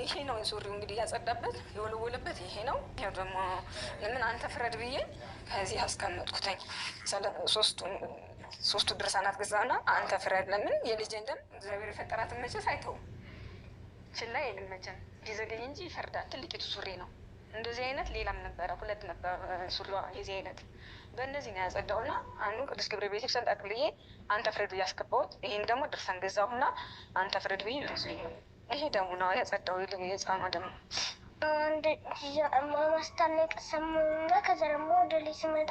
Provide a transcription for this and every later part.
ይሄ ነው ሱሪው እንግዲህ ያጸዳበት የወለወለበት ይሄ ነው። ያው ደግሞ ለምን አንተ ፍረድ ብዬ ከዚህ አስቀመጥኩተኝ ሶስቱ ሶስቱ ድርሳናት ገዛና አንተ ፍረድ። ለምን የልጄን ደም እግዚአብሔር የፈጠራትን መቼስ አይተውም፣ ችላ የለም መቼም ቢዘገኝ እንጂ ይፈርዳል። ትልቂቱ ሱሪ ነው እንደዚህ አይነት ሌላም ነበረ፣ ሁለት ነበር ሱሪ የዚህ አይነት። በእነዚህ ነው ያጸዳውና አንዱ ቅዱስ ገብርኤል ቤተክርስቲያን ጠቅልዬ አንተ ፍረድ ብዬ አስገባሁት። ይህን ደግሞ ድርሳን ገዛሁና አንተ ፍረድ ብዬ ይሄ ደግሞ ነው ያጸዳው ይልም የህፃኗ ደግሞ ማስታነቅ ሰማሁና ከዛ ደግሞ ወደ ላይ ስመጣ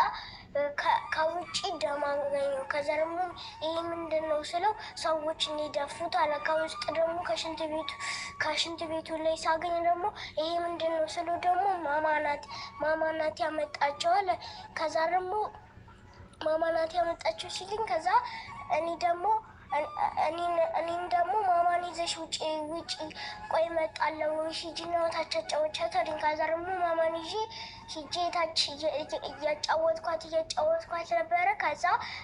ከውጭ ደም አገኘው። ከዛ ደግሞ ይህ ምንድን ነው ስለው ሰዎች እንዲደፉት አለ። ከውስጥ ደግሞ ከሽንት ቤቱ ከሽንት ቤቱ ላይ ሳገኝ ደግሞ ይህ ምንድን ነው ስለው ደግሞ ማማናት ማማናት ያመጣቸው አለ። ከዛ ደግሞ ማማናት ያመጣቸው ሲልኝ ከዛ እኔ ደግሞ እኔን ደግሞ ማማን ይዘሽ ውጭ ውጭ ቆይ እመጣለሁ። ሂጂና ታቻጫዎች ተሪንካዛርሙ ማማን ይዤ ሂጄ ታች እያጫወትኳት እያጫወትኳት ነበረ። ከዛ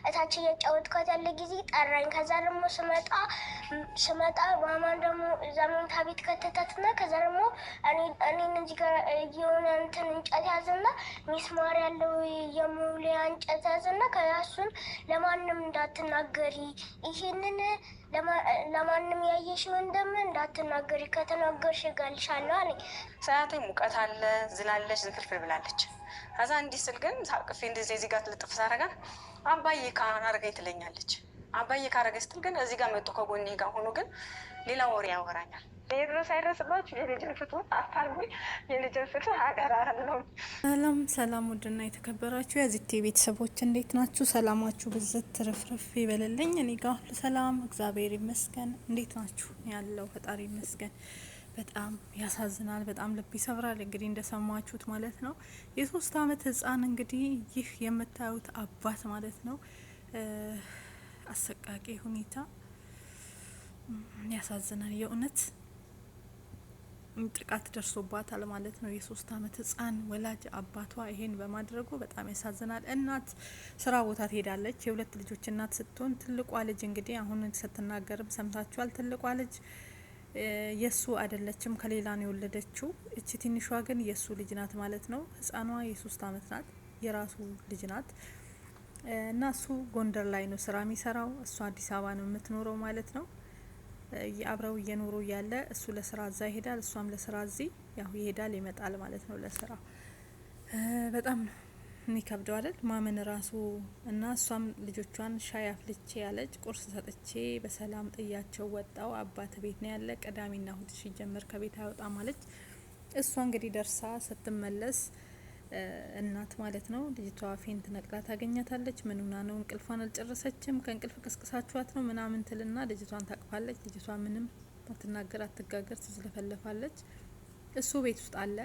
እታች እያጫወትኳት ያለ ጊዜ ጠራኝ። ከዛ ደግሞ ስመጣ ስመጣ ማማን ደግሞ እዛ መኝታ ቤት ከተታትና ከዛ ደግሞ እኔን እዚህ ጋር የሆነ እንትን እንጨት ያዝና ሚስማር ያለው የመውሊያ እንጨት ያዝና ከዛ እሱን ለማንም እንዳትናገሪ ይሄንን ለማንም ያየሽው እንደም እንዳትናገሪ ከተናገርሽ እገልሻለሁ አለኝ። ሰዓቴ ሙቀት አለ ዝላለች ዝንፍርፍር ብላ ትላለች። ከዛ እንዲህ ስል ግን ሳቅፌ እንደዚህ እዚህ ጋር ትልጥፍ ሳረጋ አባዬ ካረገኝ ትለኛለች። አባዬ ካረገ ስትል ግን እዚህ ጋር መጡ ከጎኔ ጋር ሆኖ ግን ሌላ ወሬ ያወራኛል። ሰላም ሰላም፣ ውድና የተከበራችሁ የዚቴ ቤተሰቦች እንዴት ናችሁ? ሰላማችሁ ብዝት ትርፍርፍ ይበልልኝ። እኔ ጋር ሁሉ ሰላም፣ እግዚአብሔር ይመስገን። እንዴት ናችሁ? ያለው ፈጣሪ ይመስገን። በጣም ያሳዝናል። በጣም ልብ ይሰብራል። እንግዲህ እንደሰማችሁት ማለት ነው የሶስት አመት ህጻን እንግዲህ ይህ የምታዩት አባት ማለት ነው አሰቃቂ ሁኔታ ያሳዝናል። የእውነት ጥቃት ደርሶባታል ማለት ነው። የሶስት አመት ህጻን ወላጅ አባቷ ይሄን በማድረጉ በጣም ያሳዝናል። እናት ስራ ቦታ ትሄዳለች። የሁለት ልጆች እናት ስትሆን ትልቋ ልጅ እንግዲህ አሁን ስትናገርም ሰምታችኋል። ትልቋ ልጅ የሱ አይደለችም፣ ከሌላ ነው የወለደችው። እቺ ትንሿ ግን የሱ ልጅ ናት ማለት ነው። ህጻኗ የሶስት አመት ናት፣ የራሱ ልጅ ናት። እና እሱ ጎንደር ላይ ነው ስራ የሚሰራው፣ እሱ አዲስ አበባ ነው የምትኖረው ማለት ነው። አብረው እየኖሩ ያለ እሱ ለስራ እዛ ይሄዳል፣ እሷም ለስራ እዚህ ያው ይሄዳል ይመጣል ማለት ነው ለስራ በጣም ነው ይከብደው አይደል ማመን ራሱ እና እሷም ልጆቿን ሻይ አፍልቼ ያለች ቁርስ ሰጥቼ በሰላም ጥያቸው ወጣው። አባት ቤት ነው ያለ። ቅዳሜና እሁድ ሲጀመር ከቤት አይወጣ ማለች። እሷ እንግዲህ ደርሳ ስትመለስ እናት ማለት ነው ልጅቷ ፌንት ነቅላ ታገኛታለች። ምን ነው እንቅልፏን አልጨረሰችም፣ ከእንቅልፍ ቅስቅሳችኋት ነው ምናምን ትልና ልጅቷን ታቅፋለች። ልጅቷ ምንም አትናገር አትጋገር ትዝለፈለፋለች። እሱ ቤት ውስጥ አለ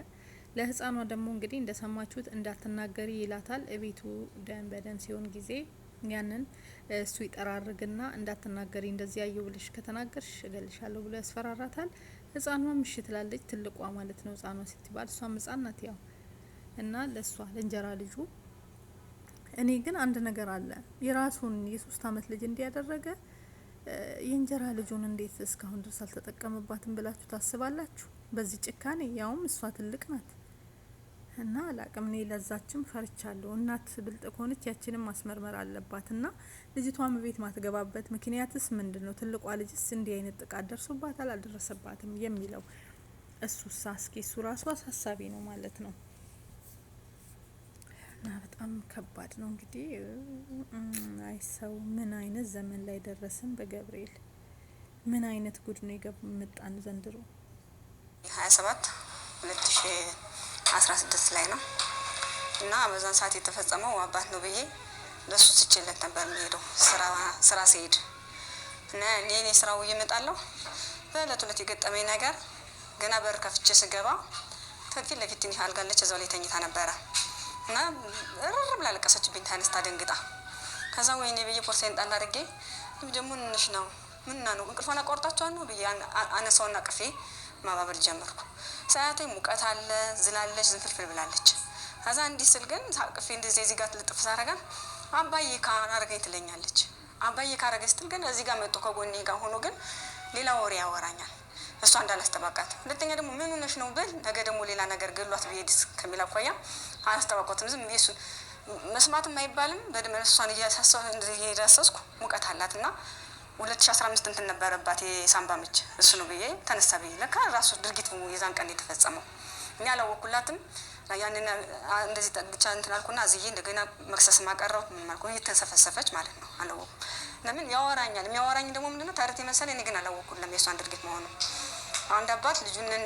ለህፃኗ ደግሞ እንግዲህ እንደሰማችሁት እንዳትናገሪ ይላታል። እቤቱ ደን በደን ሲሆን ጊዜ ያንን እሱ ይጠራርግና እንዳትናገሪ እንደዚህ ያየው ብለሽ ከተናገርሽ እገልሻለሁ ብሎ ያስፈራራታል። ህፃኗም እሺ ትላለች። ትልቋ ማለት ነው ህፃኗ ስትባል እሷም ህፃን ናት ያው እና ለእሷ ለእንጀራ ልጁ እኔ ግን አንድ ነገር አለ የራሱን የሶስት አመት ልጅ እንዲያደረገ የእንጀራ ልጁን እንዴት እስካሁን ድረስ አልተጠቀመባትም ብላችሁ ታስባላችሁ? በዚህ ጭካኔ ያውም እሷ ትልቅ ናት። እና አላቅም እኔ ለዛችም ፈርቻለሁ። እናት ብልጥ ከሆነች ያችንም ማስመርመር አለባት። እና ልጅቷም ቤት ማትገባበት ምክንያትስ ምንድን ነው? ትልቋ ልጅስ እንዲህ አይነት ጥቃት ደርሶባታል አልደረሰባትም የሚለው እሱሳ እስኪ እሱ ራሱ አሳሳቢ ነው ማለት ነው። እና በጣም ከባድ ነው እንግዲህ። አይ ሰው ምን አይነት ዘመን ላይ ደረስን በገብርኤል ምን አይነት ጉድ ነው የገቡ መጣን ዘንድሮ ሀያ ሰባት ሁለት ሺ 16 ላይ ነው እና በዛን ሰዓት የተፈጸመው አባት ነው ብዬ ለሱ ትችለት ነበር የሚሄደው ስራ ሲሄድ እና እኔ እኔ ስራ ውዬ በእለት ሁለት የገጠመኝ ነገር ገና በር ከፍቼ ስገባ ከፊት ለፊት እኔ አልጋለች እዛው ላይ ተኝታ ነበረ እና ርር ብላ ለቀሰችብኝ። ተነስታ ደንግጣ ከዛ ወይኔ ብዬ ፖርሴን ጣል አድርጌ ደግሞ እንሽ ነው ምና ነው እንቅልፏን አቋርጣቸዋል ነው ብዬ አነሳውና ቅፌ ማባበል ጀመርኩ። ሳያቴ ሙቀት አለ ዝላለች፣ ዝንፍልፍል ብላለች። ከዛ እንዲህ ስል ግን ሳቅፌ እንደዚህ እዚህ ጋር ትልጥፍ ሳረጋ አባዬ ካረገኝ ትለኛለች። አባዬ ካረገ ስትል ግን እዚህ ጋር መጡ ከጎኔ ጋር ሆኖ ግን ሌላ ወሬ ያወራኛል። እሷ እንዳላስጠባቃት ሁለተኛ ደግሞ ምን ሆነሽ ነው ብል ነገ ደግሞ ሌላ ነገር ገሏት ብሄድስ ከሚል አኳያ አላስተባቋትም። ዝም ቤሱ መስማትም አይባልም በድመ እሷን እያሳሰ እያዳሰስኩ ሙቀት አላት እና 2015 እንትን ነበረባት የሳምባ ምች እሱ ነው ብዬ ተነሳ ብዬ ለካ ራሱ ድርጊት የዛን ቀን የተፈጸመው እኔ አላወኩላትም። ያንን እንደዚህ ብቻ እንትን አልኩና እዚህ እንደገና መክሰስ ማቀረብ ምን እየተንሰፈሰፈች ማለት ነው። አላወኩም። ለምን ያወራኛል? የሚያወራኝ ደግሞ ምንድነው ታሪክ የመሰለ እኔ ግን አላወኩለም የእሷን ድርጊት መሆኑ። አንድ አባት ልጁንን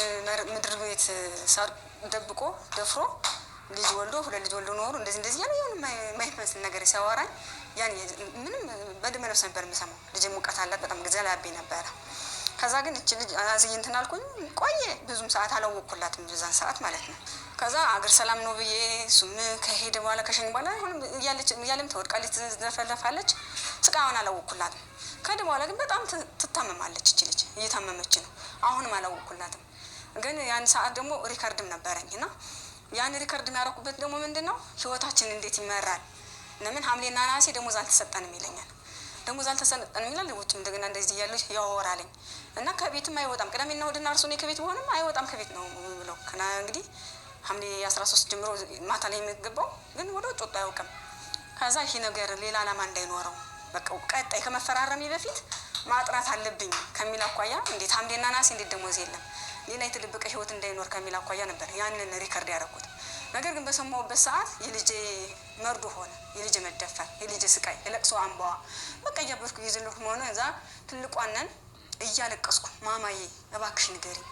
ምድር ቤት ሳር ደብቆ ደፍሮ ልጅ ወልዶ ሁለት ልጅ ወልዶ ኖሩ እንደዚህ እንደዚህ ያለ የሆነ የማይመስል ነገር ሲያወራኝ ያን ምንም በድመ ነፍስ ነበር የምሰማው። ልጅ ሙቀት አላት በጣም ግዘላቤ ነበረ። ከዛ ግን እች ልጅ አዝይ እንትን አልኩኝ። ቆየ ብዙም ሰዓት አላወቅኩላትም ብዛን ሰዓት ማለት ነው። ከዛ አገር ሰላም ነው ብዬ እሱም ከሄደ በኋላ ከሸኝ በኋላ ሁንም እያለም ተወድቃለች፣ ትዘፈለፋለች። ስቃዋን አላወቅኩላትም። ከሄደ በኋላ ግን በጣም ትታመማለች። እች ልጅ እየታመመች ነው። አሁንም አላወቅኩላትም። ግን ያን ሰዓት ደግሞ ሪከርድም ነበረኝ እና ያን ሪከርድ የሚያደርኩበት ደግሞ ምንድን ነው ህይወታችን እንዴት ይመራል ለምን ሐምሌና ነሐሴ ደሞዝ አልተሰጠንም ይለኛል። ደሞዝ አልተሰጠንም ይላል። ውጭ እንደገና እንደዚህ እያሉ ያወራለኝ እና ከቤትም አይወጣም። ቅዳሜና እሑድና እርሱ እኔ ከቤት በሆንም አይወጣም ከቤት ነው ብለው ከና እንግዲህ ሐምሌ አስራ ሶስት ጀምሮ ማታ ላይ የሚገባው ግን ወደ ውጭ ወጡ አያውቅም። ከዛ ይሄ ነገር ሌላ ዓላማ እንዳይኖረው በቃ ቀጣይ ከመፈራረሚ በፊት ማጥራት አለብኝ ከሚል አኳያ እንዴት ሐምሌና ነሐሴ እንዴት ደሞዝ የለም ሌላ የተደበቀ ህይወት እንዳይኖር ከሚል አኳያ ነበር ያንን ሪከርድ ያደረኩት። ነገር ግን በሰማሁበት ሰዓት የልጄ መርዶ ሆነ፣ የልጄ መደፈር፣ የልጄ ስቃይ፣ የለቅሶ አንባዋ በቃ እያበርኩ ይዝልሁ መሆነ እዛ ትልቋነን እያለቀስኩ ማማዬ እባክሽ ንገሪኝ፣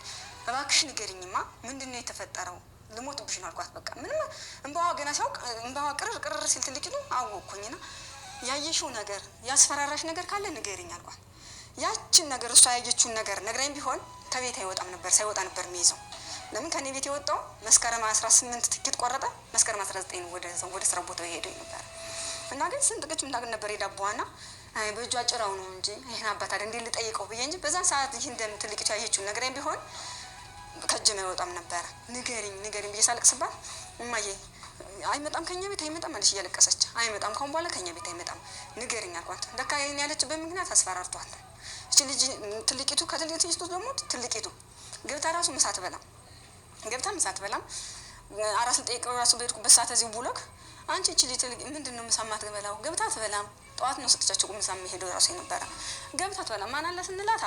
እባክሽ ንገሪኝማ ምንድን ነው የተፈጠረው? ልሞትብሽ ነው አልኳት። በቃ ምንም እንባዋ ገና ሲያውቅ እንባዋ ቅርር ቅርር ሲል ነው አወቅኩኝና ያየሽው ነገር ያስፈራራሽ ነገር ካለ ንገሪኝ አልኳት። ያችን ነገር እሷ ያየችውን ነገር ነግራኝ ቢሆን ከቤት አይወጣም ነበር ሳይወጣ ነበር የሚይዘው ለምን ከኔ ቤት የወጣው መስከረም 18 ትኬት ቆረጠ። መስከረም 19 ወደ ስራ ቦታ ሄደ ነበር እና ግን ስንጥቅጭ ምናምን ነበር የዳቦዋና አይ በእጇ ጭራው ነው እንጂ ይህን አባት አይደል እንዴ ልጠይቀው ብዬ እንጂ በዛን ሰዓት ይህ እንደም ትልቅ ያየችው ነገር ቢሆን ከጅም አይወጣም ነበረ። ንገሪኝ ንገሪኝ ብዬ ሳልቅስባት እማዬ አይመጣም ከኛ ቤት አይመጣም አለች እያለቀሰች። አይመጣም ካሁን በኋላ ከኛ ቤት አይመጣም ንገሪኝ አልኳት። ለካ ይሄን ያለችበት ምክንያት አስፈራርቷል። እች ልጅ ትልቂቱ ከትልቂቱ ደግሞ ትልቂቱ ገብታ ራሱ ምሳ አትበላም። ገብታም ምሳ አትበላም። አራት ልጠይቅ ራሱ በሄድኩበት ሰዓት እዚሁ ብሎክ አንቺ እቺ ልጅ ምንድን ነው ምሳ የማትበላው? ገብታ አትበላም። ጠዋት ነው ስጥቻቸው ምሳ የሚሄደው ራሱ የነበረ ገብታ አትበላም። ማን አለ ስንላት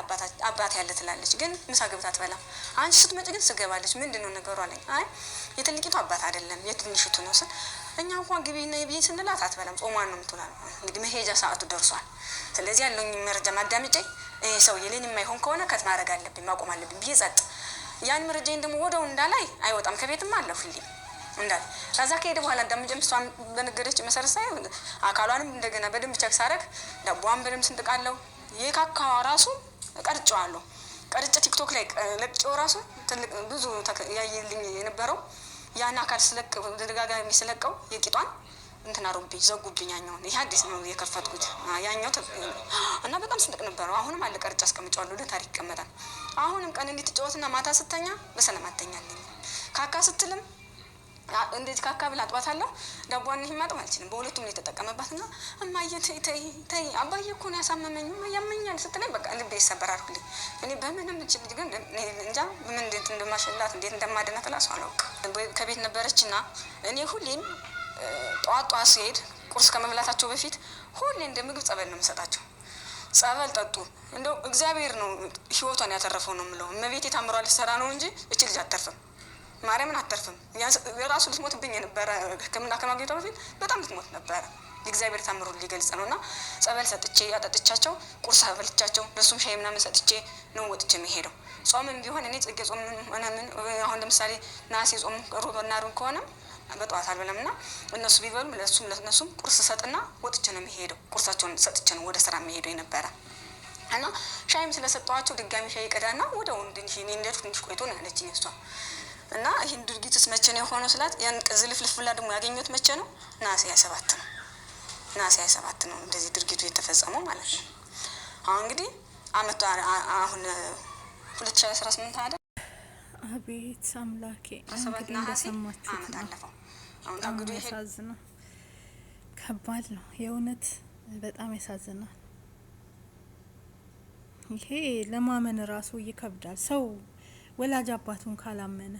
አባት ያለ ትላለች፣ ግን ምሳ ገብታ አትበላም። አንቺ ስትመጪ ግን ስገባለች። ምንድን ነው ነገሩ አለኝ። አይ የትልቂቱ አባት አይደለም የትንሽቱ ነው ስል እኛ እንኳን ግቢ ና ብዬ ስንላት አትበላም። ጾሟን ነው የምትውላ። እንግዲህ መሄጃ ሰዓቱ ደርሷል። ስለዚህ ያለውኝ መረጃ ማዳምጬ ይህ ሰው የሌን የማይሆን ከሆነ ከት ማድረግ አለብኝ ማቆም አለብኝ ብዬ ጸጥ ያን መረጃዬን ደግሞ ወደው እንዳላይ አይወጣም ከቤትም አለፉልኝ እንዳል ከዛ ከሄደ በኋላ እንዳመጀም እሷን በነገረች መሰረት ሳይ አካሏንም እንደገና በደንብ ቸክ ሳረግ ዳቧን በደንብ ስንጥቃለሁ የካካዋ ራሱ ቀርጬዋለሁ። ቀርጭ ቲክቶክ ላይ ለቅጨው ራሱ ትልቅ ብዙ ያየልኝ የነበረው ያን አካል ስለቅ ደጋጋሚ ስለቀው የቂጧን እንትን አሮብኝ ዘጉብኝ። ያኛውን ይህ አዲስ ነው የከፈትኩት ያኛው እና በጣም ስንጥቅ ነበረው። አሁንም አለ ቀርጬ አስቀምጫዋለሁ፣ ለታሪክ ይቀመጣል። አሁንም ቀን እንዲህ ትጫወትና ማታ ስተኛ በሰላም አተኛለኝ። ካካ ስትልም እንዴት ካካ ብላ አጥባታለሁ። ዳቧን ይህ ማጥብ አልችልም። በሁለቱም ነው የተጠቀመባት እና እማዬ ተይ ተይ ተይ አባዬ እኮ ነው ያሳመመኝ ያመኛል ስትለኝ በቃ ልቤ ይሰበራልኩልኝ። እኔ በምንም እች ልጅ ግን እንጃ ምን እንዴት እንደማሸላት እንዴት እንደማደናት እራሱ አላውቅ። ከቤት ነበረች እና እኔ ሁሌም ጠዋት ጠዋት ሲሄድ ቁርስ ከመብላታቸው በፊት ሁሌ እንደ ምግብ ጸበል ነው የምሰጣቸው። ጸበል ጠጡ። እንደው እግዚአብሔር ነው ህይወቷን ያተረፈው ነው የምለው። እመቤት የታምሯ ልትሰራ ነው እንጂ እች ልጅ አተርፍም፣ ማርያምን አተርፍም። የራሱ ልትሞትብኝ የነበረ ህክምና ከማግኘቷ በፊት በጣም ልትሞት ነበረ። የእግዚአብሔር ታምሮ ሊገልጽ ነው እና ጸበል ሰጥቼ ያጠጥቻቸው፣ ቁርስ አበልቻቸው፣ ለእሱም ሻይ ምናምን ሰጥቼ ነው ወጥቼ የሚሄደው። ጾምም ቢሆን እኔ ጽጌ ጾም ምን አሁን ለምሳሌ ነሐሴ ጾም ሮብና ዓርብ ከሆነም በጠዋት አልበላም ና እነሱ ቢበሉም ለሱም ለነሱም ቁርስ ሰጥና ወጥቼ ነው የሚሄደው። ቁርሳቸውን ሰጥቼ ነው ወደ ስራ የሚሄደው የነበረ እና ሻይም ስለሰጠዋቸው ድጋሚ ሻይ ቀዳ ና ወደ ወንድ እንደሄዱ ትንሽ ቆይቶ ነው ያለችኝ እሷ። እና ይህን ድርጊትስ መቼ ነው የሆነው ስላት ያን ዝልፍልፍ ብላ ደግሞ ያገኘት መቼ ነው ነሐሴ ሃያ ሰባት ነው ነሐሴ ሃያ ሰባት ነው እንደዚህ ድርጊቱ የተፈጸመው ማለት ነው። አሁን እንግዲህ አመቱ አሁን ሁለት ሺ አስራ ስምንት አደ አቤት አምላኬ እንግዲህ እንደሰማችሁት ነው። በጣም ያሳዝናል። ከባድ ነው የእውነት በጣም ያሳዝናል። ይሄ ለማመን ራሱ ይከብዳል። ሰው ወላጅ አባቱን ካላመነ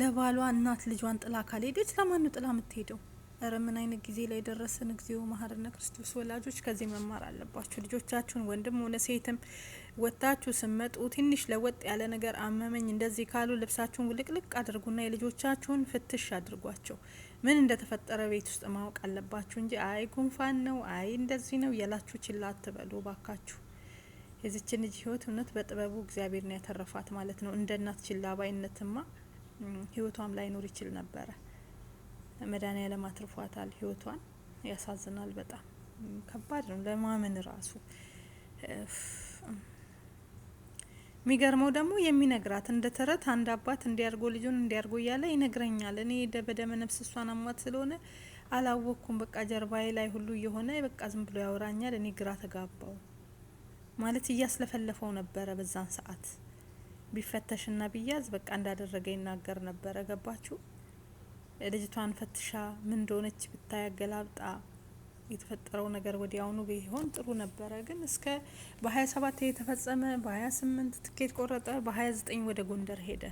ለባሏ እናት ልጇን ጥላ ካልሄደች ነው ጥላ የምትሄደው? እረ ምን አይነት ጊዜ ላይ ደረስን! እግዚኦ መሐረነ ክርስቶስ። ወላጆች ከዚህ መማር አለባችሁ። ልጆቻችሁን ወንድም ሆነ ሴትም ወጥታችሁ ስመጡ ትንሽ ለወጥ ያለ ነገር አመመኝ እንደዚህ ካሉ ልብሳችሁን ውልቅልቅ አድርጉና የልጆቻችሁን ፍትሽ አድርጓቸው። ምን እንደተፈጠረ ቤት ውስጥ ማወቅ አለባችሁ እንጂ አይ ጉንፋን ነው አይ እንደዚህ ነው ያላችሁ ችላ አትበሉ ባካችሁ። የዚችን ልጅ ህይወት እውነት በጥበቡ እግዚአብሔር ነው ያተረፋት ማለት ነው። እንደ እናት ችላ ባይነትማ ህይወቷም ላይኖር ይችል ነበረ። መድኃኒዓለም አትርፏታል ህይወቷን። ያሳዝናል። በጣም ከባድ ነው ለማመን ራሱ። የሚገርመው ደግሞ የሚነግራት እንደ ተረት አንድ አባት እንዲያርጎ ልጁን እንዲያርጎ እያለ ይነግረኛል። እኔ በደመ ነፍስ እሷን አሟት ስለሆነ አላወቅኩም። በቃ ጀርባዬ ላይ ሁሉ እየሆነ በቃ ዝም ብሎ ያወራኛል። እኔ ግራ ተጋባው ማለት እያስለፈለፈው ነበረ። በዛን ሰዓት ቢፈተሽና ቢያዝ በቃ እንዳደረገ ይናገር ነበረ። ገባችሁ? ልጅቷን ፈትሻ ምን እንደሆነች ብታይ አገላብጣ የተፈጠረው ነገር ወዲያውኑ ቢሆን ጥሩ ነበረ። ግን እስከ በ27 የተፈጸመ በ28 ትኬት ቆረጠ፣ በ29 ወደ ጎንደር ሄደ።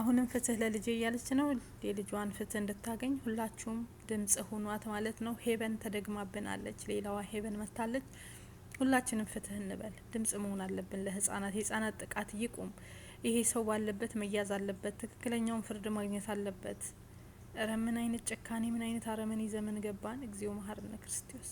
አሁንም ፍትህ ለልጄ እያለች ነው። የልጇን ፍትህ እንድታገኝ ሁላችሁም ድምጽ ሁኗት ማለት ነው። ሄበን ተደግማብናለች፣ ሌላዋ ሄበን መታለች። ሁላችንም ፍትህ እንበል፣ ድምጽ መሆን አለብን ለህጻናት። የህጻናት ጥቃት ይቁም። ይሄ ሰው ባለበት መያዝ አለበት። ትክክለኛውን ፍርድ ማግኘት አለበት። ረ ምን አይነት ጨካኔ ምን አይነት አረመኔ ዘመን ገባን። እግዚኦ መሐረነ ክርስቶስ